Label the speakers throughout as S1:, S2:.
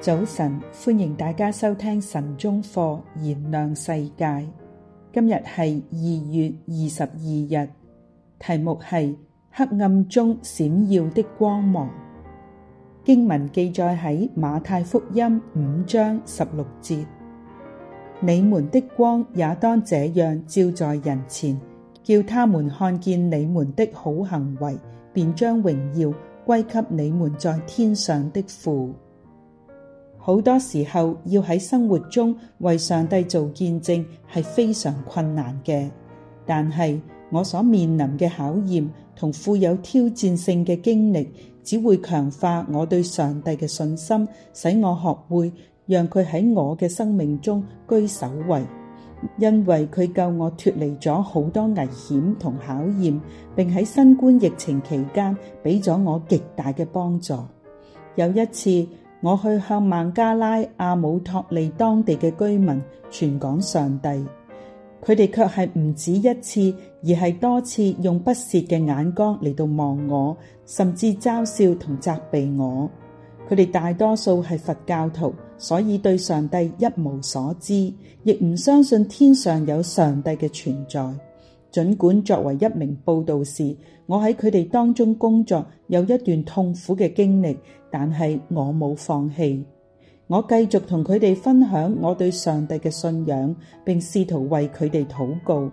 S1: 早晨，歡迎大家收聽晨鐘課，燃亮世界。今日係二月二十二日，題目係黑暗中閃耀的光芒。經文記載喺馬太福音五章十六節：你們的光也當這樣照在人前，叫他們看見你們的好行為，便將榮耀歸給你們在天上的父。好多時候要喺生活中為上帝做見證係非常困難嘅，但係我所面臨嘅考驗同富有挑戰性嘅經歷只會強化我對上帝嘅信心，使我學會讓佢喺我嘅生命中居首位，因為佢救我脫離咗好多危險同考驗，並喺新冠疫情期間俾咗我極大嘅幫助。有一次，我去向孟加拉阿姆托利當地嘅居民傳講上帝，佢哋卻係唔止一次，而係多次用不屑嘅眼光嚟到望我，甚至嘲笑同責備我。佢哋大多數係佛教徒，所以對上帝一無所知，亦唔相信天上有上帝嘅存在。儘管作為一名佈道士，我喺佢哋當中工作有一段痛苦嘅經歷。但係我冇放棄，我繼續同佢哋分享我對上帝嘅信仰，並試圖為佢哋禱告。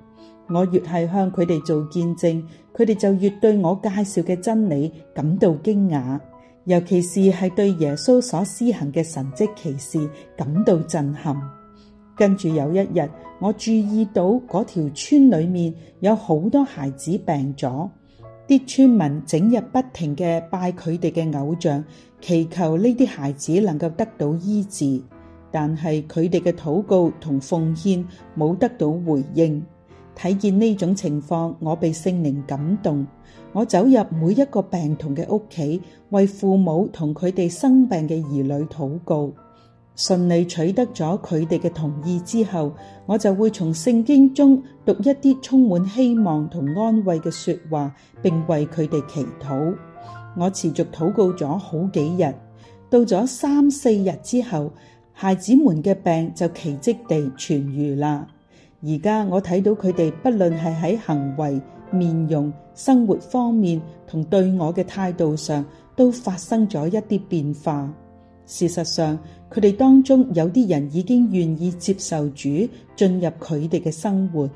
S1: 我越係向佢哋做見證，佢哋就越對我介紹嘅真理感到驚訝，尤其是係對耶穌所施行嘅神蹟奇事感到震撼。跟住有一日，我注意到嗰條村裏面有好多孩子病咗。啲村民整日不停嘅拜佢哋嘅偶像，祈求呢啲孩子能夠得到醫治，但係佢哋嘅禱告同奉獻冇得到回應。睇見呢種情況，我被聖靈感動，我走入每一個病童嘅屋企，為父母同佢哋生病嘅兒女禱告。順利取得咗佢哋嘅同意之後，我就會從聖經中讀一啲充滿希望同安慰嘅說話，並為佢哋祈禱。我持續禱告咗好幾日，到咗三四日之後，孩子們嘅病就奇蹟地痊癒啦。而家我睇到佢哋，不論係喺行為、面容、生活方面同對我嘅態度上，都發生咗一啲變化。事實上，佢哋當中有啲人已經願意接受主進入佢哋嘅生活。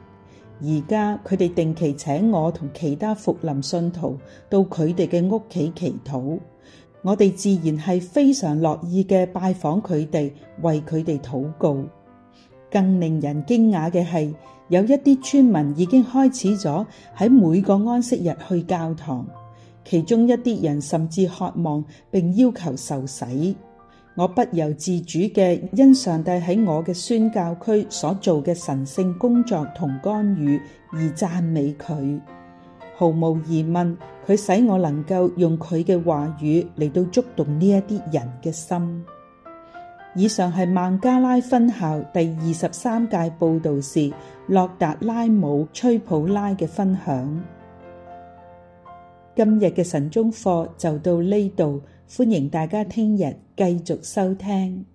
S1: 而家佢哋定期請我同其他復臨信徒到佢哋嘅屋企祈禱，我哋自然係非常樂意嘅拜訪佢哋，為佢哋禱告。更令人驚訝嘅係，有一啲村民已經開始咗喺每個安息日去教堂，其中一啲人甚至渴望並要求受洗。我不由自主嘅，因上帝喺我嘅宣教區所做嘅神聖工作同干預而讚美佢，毫無疑問，佢使我能夠用佢嘅話語嚟到觸動呢一啲人嘅心。以上係孟加拉分校第二十三屆佈道士，洛達拉姆崔普拉嘅分享。今日嘅晨鐘課就到呢度，歡迎大家聽日繼續收聽。